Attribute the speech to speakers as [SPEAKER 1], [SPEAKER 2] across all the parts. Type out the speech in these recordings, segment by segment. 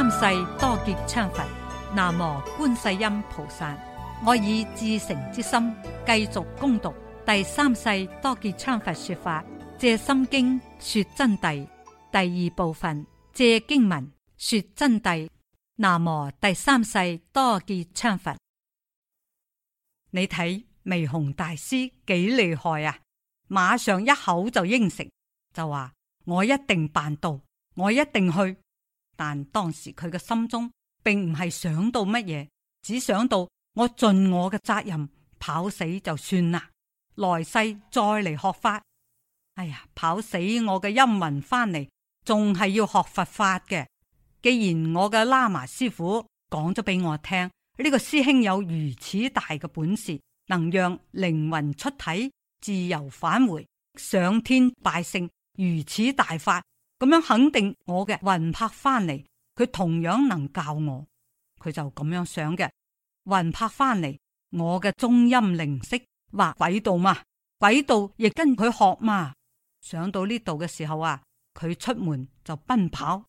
[SPEAKER 1] 三世多杰羌佛，南無觀世音菩薩。我以至誠之心繼續攻讀第三世多杰羌佛說法，借心經說真諦第二部分，借經文說真諦。南無第三世多杰羌佛，你睇微紅大師幾厲害啊！馬上一口就應承，就話我一定辦到，我一定去。但當時佢嘅心中並唔係想到乜嘢，只想到我盡我嘅責任跑死就算啦，來世再嚟學法。哎呀，跑死我嘅陰魂翻嚟，仲係要學佛法嘅。既然我嘅喇嘛師傅講咗俾我聽，呢個師兄有如此大嘅本事，能讓靈魂出體自由返回上天拜聖，如此大法。咁樣肯定我嘅魂魄翻嚟，佢同樣能教我。佢就咁樣想嘅。魂魄翻嚟，我嘅中音靈識話鬼道嘛，鬼道亦跟佢學嘛。想到呢度嘅時候啊，佢出門就奔跑，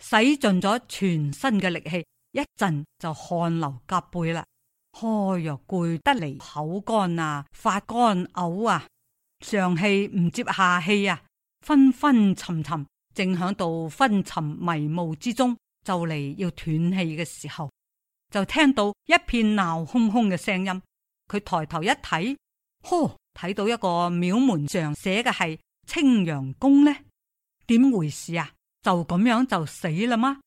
[SPEAKER 1] 使盡咗全身嘅力氣，一陣就汗流浹背啦。哎呀，攰得嚟，口乾啊，發乾嘔啊，上氣唔接下氣啊，昏昏沉沉。正響度昏沉迷霧之中，就嚟要斷氣嘅時候，就聽到一片鬧哄哄嘅聲音。佢抬頭一睇，呵，睇到一個廟門上寫嘅係青陽宮呢？點回事啊？就咁樣就死啦嗎？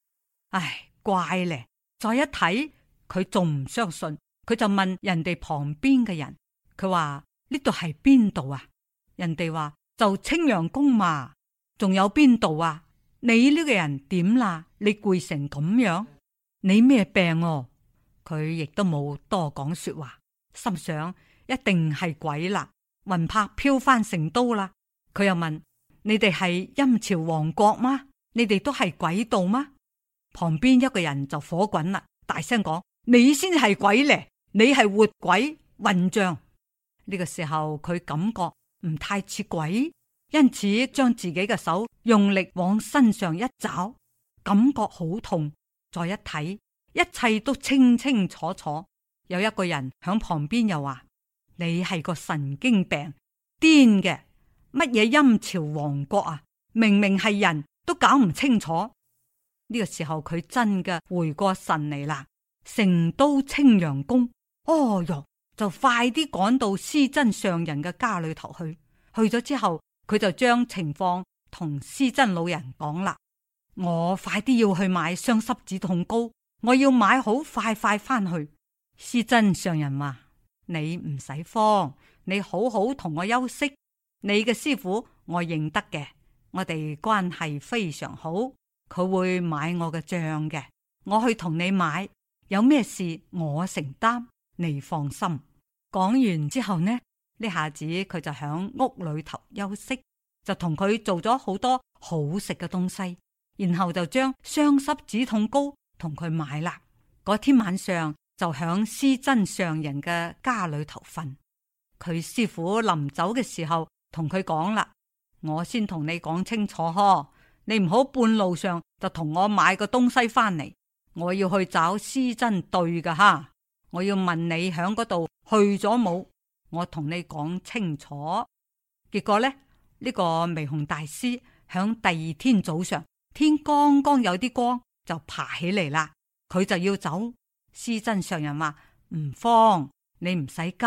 [SPEAKER 1] 唉，怪咧！再一睇，佢仲唔相信，佢就問人哋旁邊嘅人，佢話呢度係邊度啊？人哋話就青陽宮嘛。仲有邊度啊？你呢個人點啦？你攰成咁樣，你咩病哦、啊？佢亦都冇多講說話，心想一定係鬼啦，魂魄飄翻成都啦。佢又問：你哋係陰朝王國嗎？你哋都係鬼道嗎？旁邊一個人就火滾啦，大聲講：你先係鬼咧，你係活鬼混象。這」呢個時候佢感覺唔太似鬼。因此，將自己嘅手用力往身上一抓，感覺好痛。再一睇，一切都清清楚楚。有一個人響旁邊，又話：你係個神經病，癲嘅乜嘢陰朝王國啊！明明係人都搞唔清楚。呢、這個時候，佢真嘅回過神嚟啦。成都青羊宮，哦喲，就快啲趕到施真上人嘅家裏頭去。去咗之後。佢就將情況同施珍老人講啦，我快啲要去買傷濕止痛膏，我要買好快快翻去。施珍上人話：你唔使慌，你好好同我休息。你嘅師傅我認得嘅，我哋關係非常好，佢會買我嘅賬嘅。我去同你買，有咩事我承擔，你放心。講完之後呢？呢下子佢就喺屋裏頭休息，就同佢做咗好多好食嘅東西，然後就將傷濕止痛膏同佢買啦。嗰天晚上就響施針上人嘅家裏頭瞓。佢師傅臨走嘅時候同佢講啦：我先同你講清楚哈，你唔好半路上就同我買個東西翻嚟。我要去找施針對嘅，哈！我要問你響嗰度去咗冇？我同你講清楚，結果呢？呢、這個微紅大師響第二天早上，天剛剛有啲光，就爬起嚟啦。佢就要走，師真上人話唔慌，你唔使急，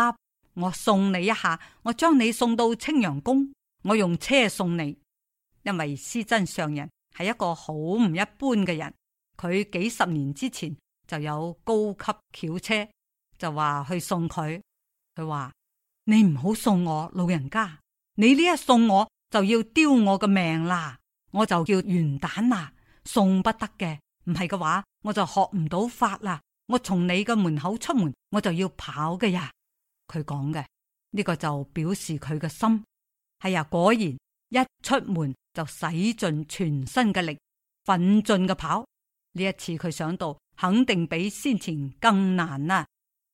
[SPEAKER 1] 我送你一下，我將你送到青陽宮，我用車送你。因為師真上人係一個好唔一般嘅人，佢幾十年之前就有高級轎車，就話去送佢，佢話。你唔好送我老人家，你呢一送我就要丟我嘅命啦！我就叫完蛋啦，送不得嘅，唔係嘅話我就學唔到法啦。我從你嘅門口出門，我就要跑嘅呀。佢講嘅呢個就表示佢嘅心係、哎、呀，果然一出門就使盡全身嘅力，奮進嘅跑。呢一次佢想到肯定比先前更難啦，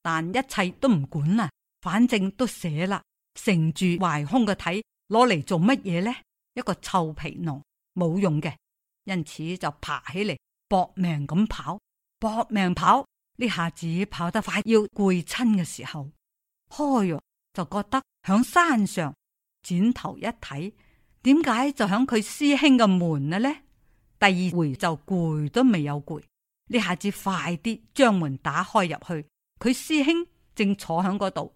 [SPEAKER 1] 但一切都唔管啦。反正都寫啦，成住壞空嘅體攞嚟做乜嘢呢？一個臭皮囊，冇用嘅。因此就爬起嚟，搏命咁跑，搏命跑。呢下子跑得快，要攰親嘅時候，哎喲，就覺得響山上，轉頭一睇，點解就響佢師兄嘅門啊？呢第二回就攰都未有攰，呢下子快啲將門打開入去，佢師兄正坐響嗰度。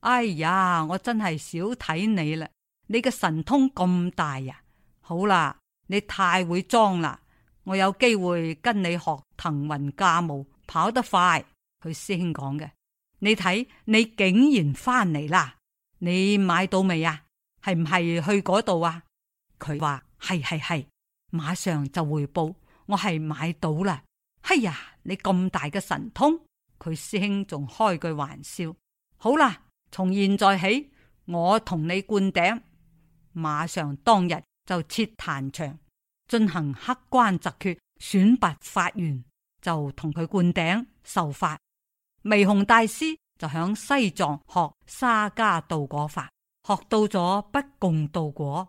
[SPEAKER 1] 哎呀，我真係少睇你啦！你個神通咁大呀，啊？好啦，你太會裝啦！我有機會跟你學騰雲駕霧，跑得快。佢師兄講嘅，你睇你竟然翻嚟啦！你買到未啊？係唔係去嗰度啊？佢話係係係，馬上就回報，我係買到啦。哎呀，你咁大嘅神通，佢師兄仲開句玩笑。好啦。從現在起，我同你灌頂，馬上當日就設壇場進行客觀擇決選拔法緣，就同佢灌頂受法。微紅大師就響西藏學沙家道果法，學到咗不共道果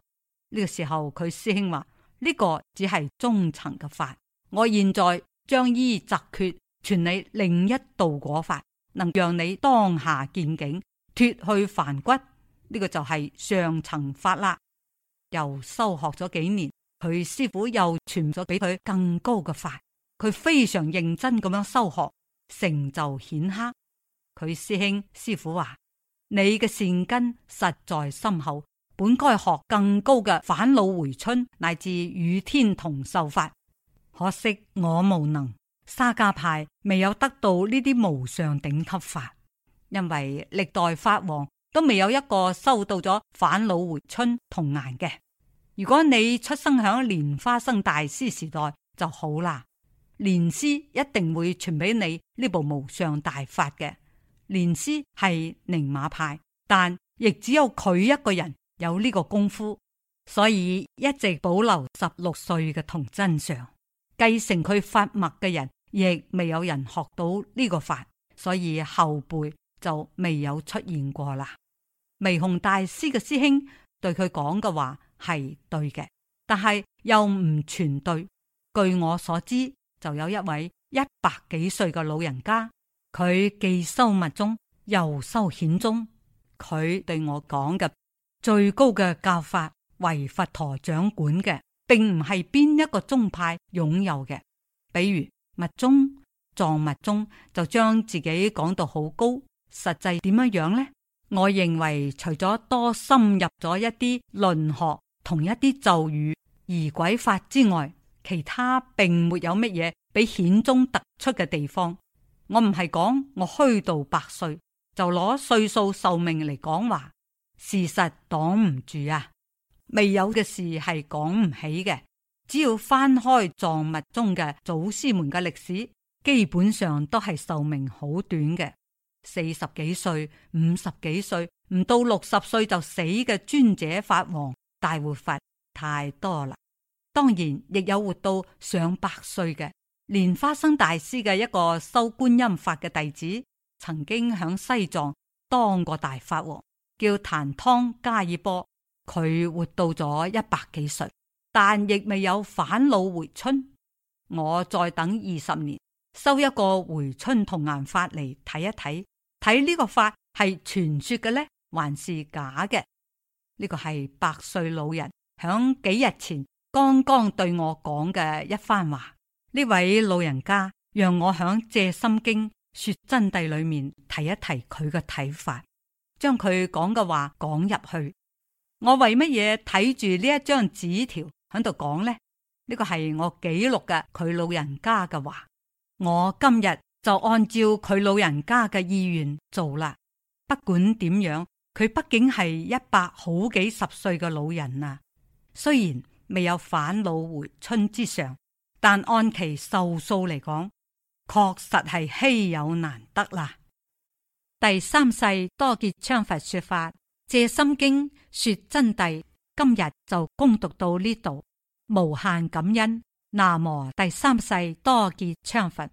[SPEAKER 1] 呢個時候，佢師兄話呢個只係中層嘅法，我現在將依擇決傳你另一道果法，能讓你當下見景，脫去凡骨，呢、這個就係上層法啦。又修學咗幾年，佢師傅又傳咗俾佢更高嘅法。佢非常認真咁樣修學，成就顯赫。佢師兄師傅話，你嘅善根實在深厚，本該學更高嘅返老回春乃至與天同壽法。可惜我無能，沙家派未有得到呢啲無上頂級法。因為歷代法王都未有一個收到咗返老回春童顏嘅，如果你出生響蓮花生大師時代就好啦，蓮師一定會傳俾你呢部無上大法嘅。蓮師係寧馬派，但亦只有佢一個人有呢個功夫，所以一直保留十六歲嘅童真相。繼承佢法脈嘅人亦未有人學到呢個法，所以後輩。就未有出現過啦。微紅大師嘅師兄對佢講嘅話係對嘅，但係又唔全對。據我所知，就有一位一百幾歲嘅老人家，佢既修密宗又修顯宗。佢對我講嘅最高嘅教法為佛陀掌管嘅，並唔係邊一個宗派擁有嘅。比如密宗、藏密宗就將自己講到好高。實際點樣樣呢？我認為除咗多深入咗一啲論學同一啲咒語儀軌法之外，其他並沒有乜嘢比顯宗突出嘅地方。我唔係講我虛度百歲，就攞歲數壽命嚟講話，事實擋唔住啊！未有嘅事係講唔起嘅。只要翻開藏密中嘅祖師們嘅歷史，基本上都係壽命好短嘅。四十幾歲、五十幾歲、唔到六十歲就死嘅尊者法王、大活佛太多啦，當然亦有活到上百歲嘅蓮花生大師嘅一個修觀音法嘅弟子，曾經響西藏當過大法王，叫譚湯加爾波，佢活到咗一百幾歲，但亦未有返老回春。我再等二十年。收一個回春童顏法嚟睇一睇，睇呢個法係傳說嘅呢，還是假嘅？呢個係百歲老人響幾日前剛剛對我講嘅一番話。呢位老人家讓我響《借心經說真諦》裏面提一提佢嘅睇法，將佢講嘅話講入去。我為乜嘢睇住呢一張紙條喺度講呢？呢個係我記錄嘅佢老人家嘅話。我今日就按照佢老人家嘅意願做啦，不管點樣，佢畢竟係一百好幾十歲嘅老人啦。雖然未有返老回春之術，但按其壽數嚟講，確實係稀有難得啦。第三世多杰羌佛說法，借心經說真諦，今日就恭誦到呢度，無限感恩。南無第三世多杰羌佛。